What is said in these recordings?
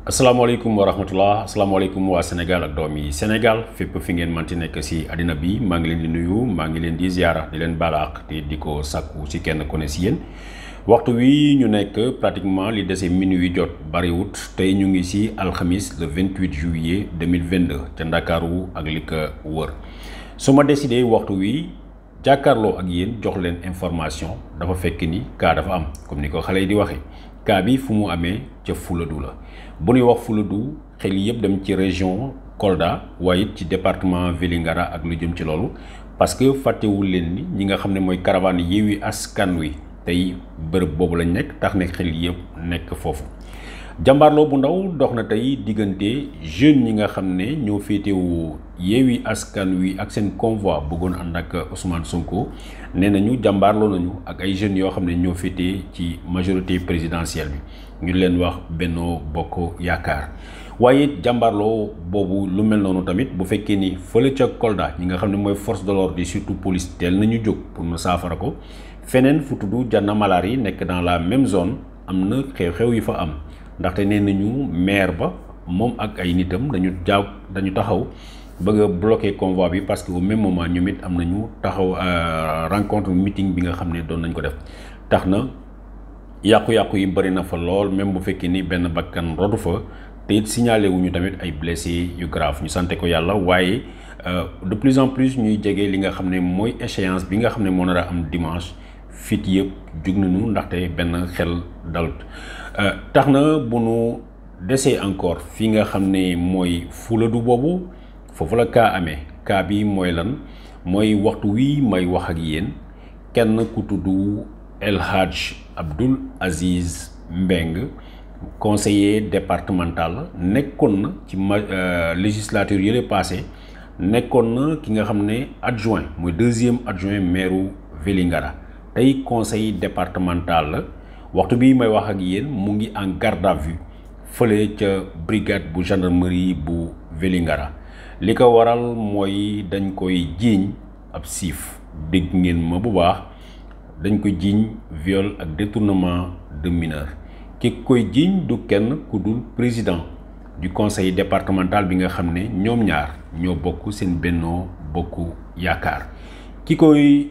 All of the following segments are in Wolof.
Assalamualaikum warahmatullah wabarakatuh. wa senegal ak doom senegal sénégal fi ngeen manti nek ci adina bi ma ngi len di nuyu ma ngi len di ziarah di len balax di diko sakku ci kenn ku ne waxtu wi ñu nek pratiquement li dese minuit jot wut tay ñu ngi si alxamis le 28 juillet 2022 ci dakarou ak li ko wër su décidé waxtu wi jakarlo ak yeen jox len information dafa fekk ni ka dafa am comme niko xalé di waxe cas bi fu mu amee ca Fuladu la bu ñuy wax Fuladu xel yëpp dem ci région Kolda waye ci département Vélingara ak lu jëm ci lolu parce que fàttewul len ni ñi nga xamné ne caravane yewi Askan Wi tay bërëb bobu lañ nek tax ne xel yëpp nek fofu jambarlo bu ndaw dox na tey diggante jeune yi nga xam ne ñoo wu yewi askan wi ak seen convoi bëggoon ànd ak ousmane sonko nee nañu jàmbaarloo nañu ak ay jeune yoo xam ne ñoo ci majorité présidentielle bi ñu leen wax bennoo bokk yaakaar waaye jàmbaarloo boobu lu mel noonu tamit bu fekkee ni fële ca kolda ñi nga xam ne mooy force de l'ordre surtout police teel nañu jóg pour nu saafara ko feneen fu tudd janna malaar yi nekk dans la même zone am na xew-xew yi fa am ndaxte nee nañu maire ba moom ak ay nitam dañu jaaw dañu taxaw bëgg a bloquer convoi bi parce que au même moment ñoom it am nañu taxaw euh, rencontre meeting bi nga xam ne doon nañ ko def tax na yàqu-yàqu yi bëri na fa lool même bu fekkee ni benn bakkan rotu fa te it signalé wuñu tamit ay blessés yu grave ñu sante ko yàlla waaye euh, de plus en plus ñuy jege li nga xam ne mooy échéance bi nga xam ne moo nar a am dimanche fit yëpp jug nañu ndaxte benn xel dalut euh, tax na bu nu desee encore fi nga xam ne mooy fuladu boobu foofu la kaa amee kaa bi mooy lan mooy waxtu wi may wax ak yéen kenn ku tudd El Hadj Abdul Aziz mbeng conseiller départemental nekkoon na ci ma euh, législature yële passé nekkoon na ki nga xam ne adjoint muy deuxième adjoint maireu Vellingara. tey conseil départemental la waxtu bi may wax ak yéen mu ngi en garde à vue fële ca brigade bu gendarmerie bu Vélingara li ko waral mooy dañ koy jiiñ ab siif dégg ngeen ma bu baax dañ ko jiiñ viol ak détournement de mineur ki koy jiiñ du kenn ku dul président du conseil départemental bi nga xam ne ñoom ñaar ñoo bokk seen bennoo bokk yaakaar ki koy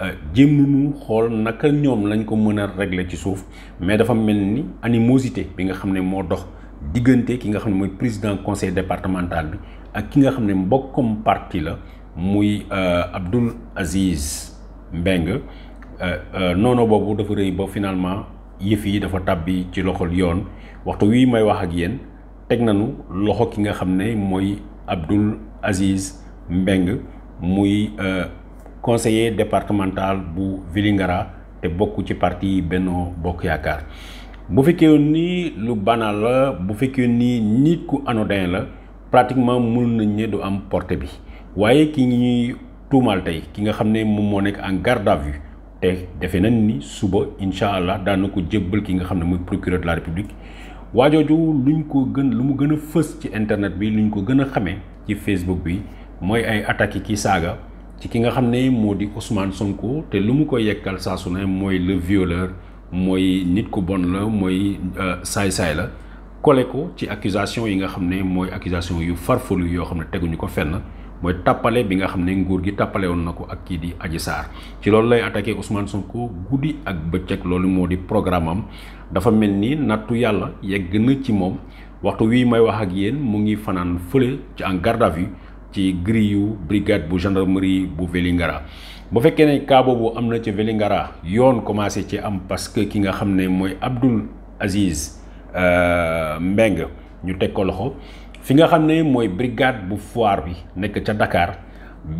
Euh, jéem nañu xool naka ñoom lañ ko mën a régler ci suuf mais dafa mel ni animosité bi nga xam ne moo dox diggante ki nga xam ne mooy président conseil départemental bi ak ki nga xam ne mbokkum parti la muy euh, Abdoul Aziz Mbengue euh, noonu boobu dafa rëy ba finalement yëf yi dafa tàbbi ci loxol yoon waxtu wii may wax ak yéen teg na nu loxo ki nga xam ne mooy Abdoul Aziz mbéng muy. conseiller départemental bu Vilingara te bokku ci parti Benno Bokk Yaakaar bu féké ni lu banal la bu féké ni nit ku anodin la pratiquement mun nañ ñé du am portée bi waaye ki ñuy tumal tay ki nga xamné ne mo nek en garde à vue té défé nañ ni suba inshallah da daana ko jébbal ki nga xamné moy procureur de la république waajooju luñ ko gën lu mu gëna fess ci internet bi luñ ko gëna xamé ci Facebook bi moy ay attaques ki saga ci ki nga xam ne moo di Ousmane Sonko te lu mu ko yekkal saa su ne mooy le violeur mooy nit ku bon la mooy euh, saay-saay la kole ko ci accusation yi nga xam ne mooy accusation yu farfolu yoo xam ne teguñu ko fenn mooy tàppale bi nga xam ne nguur gi tàppale woon na ko ak kii di aji Sarr ci loolu lay attaqué Ousmane Sonko guddi ak bëccëg loolu moo di programme am dafa mel ni nattu yàlla yegg na ci moom waxtu wii may wax ak yéen mu ngi fanaan fële ci en garde ci grille yu brigade bu gendarmerie bu Vélingara bu fekkee ne cas boobu am na ci Vélingara yoon commencé ci am parce que ki nga xam ne mooy Abdoul Aziz euh, Mbeng ñu teg ko loxo fi nga xam ne mooy brigade bu foire bi nekk ca Dakar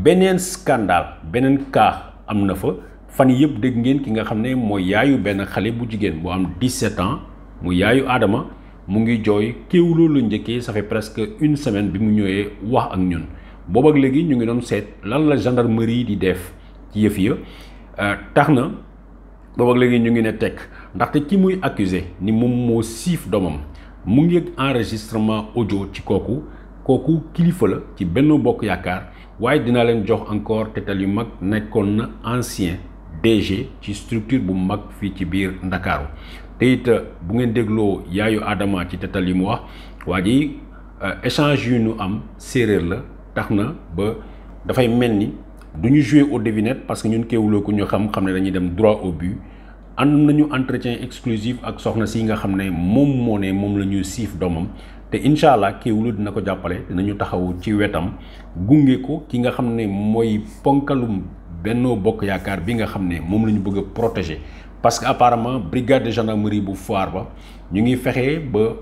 beneen scandale beneen cas am na fa fan yëpp dëgg ngeen ki nga xam ne mooy yaayu benn xale bu jigéen bu am 17 ans mu yaayu aadama mu ngi jooy kéwlu la njëkkee ça presque une semaine bi mu ñëwee wax ak ñun. boobu léegi ñu ngi doon seet lan la gendarmerie di def ci yëf ya euh, tax na boobu léegi ñu ngi ne tekk ndaxte ci muy accusé ni moom moo siif doomam mu ngi yëg enregistrement audio ci kooku kooku kilifa la ci benn Bokk Yaakaar waaye dinaa leen jox encore tetal yu mag nekkoon na ancien DG ci structure bu mag fii ci biir Ndakaaru te it euh, bu ngeen dégloo yaayu Adama ci tetal yi mu wax waa ji euh, échange yu nu am séeréer la taxna ba da fay melni duñu pas jouer au devinette parce que ñun kéwulo ko ñu xam xam ne dañuy dem droit au but andu nañu entretien exclusif ak soxna si nga xam ne moom moo ne te dina ko jàppale dinañu taxaw ci wetam gungé ko ki nga xam ne mooy ponkalum benno bok yaakaar bi nga xam ne moom la bëgg protéger parce que apparemment brigade de gendarmerie bu foar ba ñu ngi fexé ba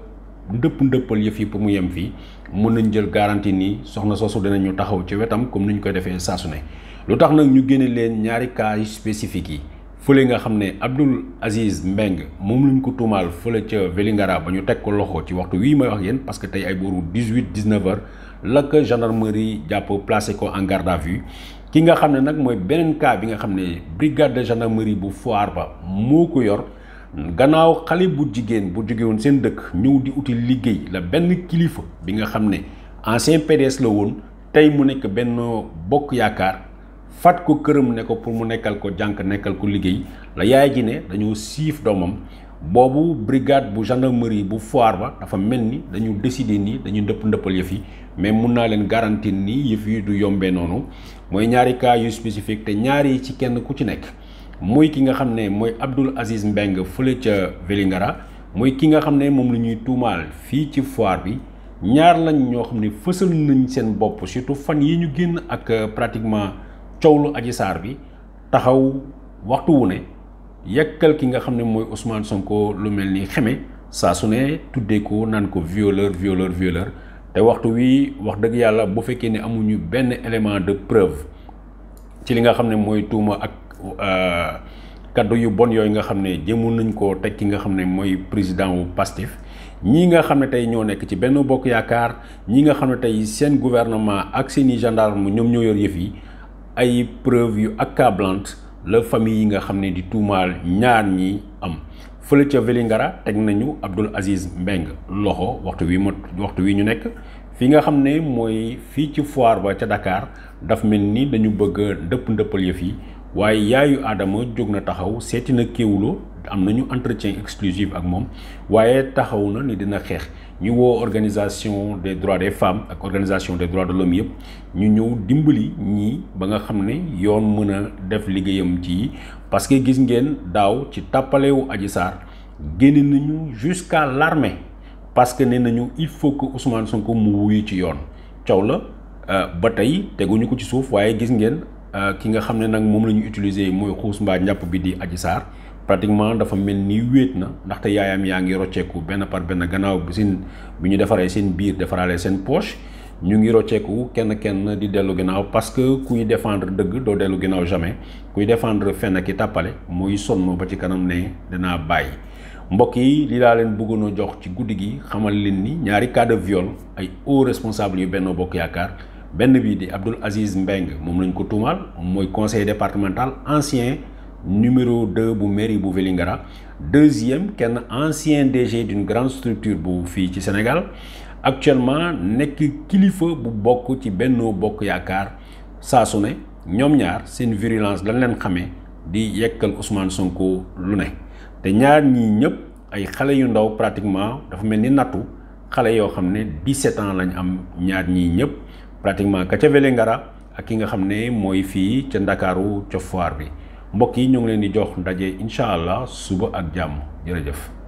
ndëpp ndëppal yëf yi pour mu yem fii mën nañ jël garantie nii soxna soosu ñu taxaw ci wetam comme ni ñu koy defee saa su ne lu tax nag ñu génne leen ñaari cas spécifiques yi fële nga xam ne Abdoul Aziz Mbeng moom lañ ko tuumaal fële ca Vélingara ba ñu teg ko loxo ci waxtu wii may wax yéen parce que tey ay booru 18 19 heures la ko gendarmerie jàpp placé ko en garde à vue ki nga xam ne nag mooy benn cas bi nga xam ne brigade de gendarmerie bu Foire ba moo ko yor. gannaaw xale bu jigéen bu jóge woon seen dëkk ñëw di uti liggéey la benn kilifa bi nga xam ne ancien PDS la woon tey mu nekk benn bokk yaakaar fat ko këram ne ko pour mu nekkal ko jànq nekkal ko liggéey la yaay ji ne dañoo siif doomam boobu brigade bu gendarmerie bu foire ba dafa mel ni dañu décider nii dañu ndëpp ndëppal yëf yi mais mun naa leen garanti nii yëf yi du yombe noonu mooy ñaari cas yu spécifique te ñaar yi ci kenn ku ci nekk mooy ki nga xam ne mooy Abdoul Aziz Mbengue fële ca Vélingara mooy ki nga xam ne moom la ñuy tuumaal fii ci foire bi ñaar lañ ñoo xam ne fësal nañ seen bopp surtout fan yi ñu génn ak euh, pratiquement coow lu aji Sarr bi taxaw waxtu wu ne yekkal ki nga xam ne mooy Ousmane Sonko lu mel ni xeme saa su ne tuddee ko naan ko violeur violeur violeur te waxtu wi wax dëgg yàlla bu fekkee ne amuñu benn élément de preuve ci li nga xam ne mooy tuuma ak Euh, kàddu yu bon yooyu nga xam ne jëmoon nañ ko teg ki nga xam ne mooy président wu Pastef ñii nga xam ne tey ñoo nekk ci benn bokk yaakaar ñi nga xam ne tey seen gouvernement ak seeni gendarme ñoom ñoo yor yëf yi ay preuve yu accablante la famille yi nga xam ne di tuumaal ñaar ñi am fële ca Vélingara teg nañu Abdoul Aziz Mbengue loxo waxtu wi ma waxtu wi ñu nekk fi nga xam ne mooy fii ci foir ba ca dakaar dafa mel ni dañu bëgg ndëpp ndëppal yëf yi waaye yaayu Adama jóg na taxaw seeti na Kéwoulo am na nañu entretien exclusif ak moom waaye taxaw na ni dina xeex ñu woo organisation des droits des femmes ak organisation des droits de l'homme yëpp ñu ñëw dimbali ñii ba nga xam ne yoon mën a def liggéeyam ci parce que gis ngeen daaw ci tàppalewu aji Sarr génne nañu jusqu'à l'armée parce que nee nañu il faut que Ousmane Sonko mu wuy ci yoon coow la euh, ba tey teguñu ko ci suuf waaye gis ngeen Euh, ki nga xam ne nag moom la ñu utiliser mooy xuus mbaa njàpp bi di Adji Sarr pratiquement dafa mel ni wéet na ndaxte yaayam yaa ngi rocceeku benn par benn gannaaw bi seen bi ñu defaree seen biir defaraale seen poche ñu ngi rocceeku kenn kenn di dellu ginnaaw parce que kuy defendre dëgg doo dellu ginnaaw jamais kuy défendre fenn ki tàppale muy sonn ba ci kanam ne danaa bàyyi mbokk yi li laa leen bëggoon a jox ci guddi gi xamal leen ni ñaari cas de viol ay hauts responsables yu Benno Bokk Yaakaar benn bi di Abdoul Aziz Mbeng moom lañ ko tuumaal mooy conseil départemental ancien numéro 2 bu mairie bu velingara deuxième kenn ancien DG d'une grande structure bu fii ci Sénégal actuellement nekk kilifa bu bokk ci Benno Bokk Yaakaar saa su ne ñoom ñaar seen virulence lañ leen xamee di yekkal Ousmane Sonko lu ne te ñaar ñii ñëpp ay xale yu ndaw pratiquement dafa mel ni nattu xale yoo 17 ans lañ am ñaar ñii ñëpp. pratiquement ka ca Vélingara ak ki nga xam ne mooy fii ca ndakaaru ca foir bi mbokk yi ñu ngi leen di jox ndaje incha allah suba ak jàmm jërëjëf.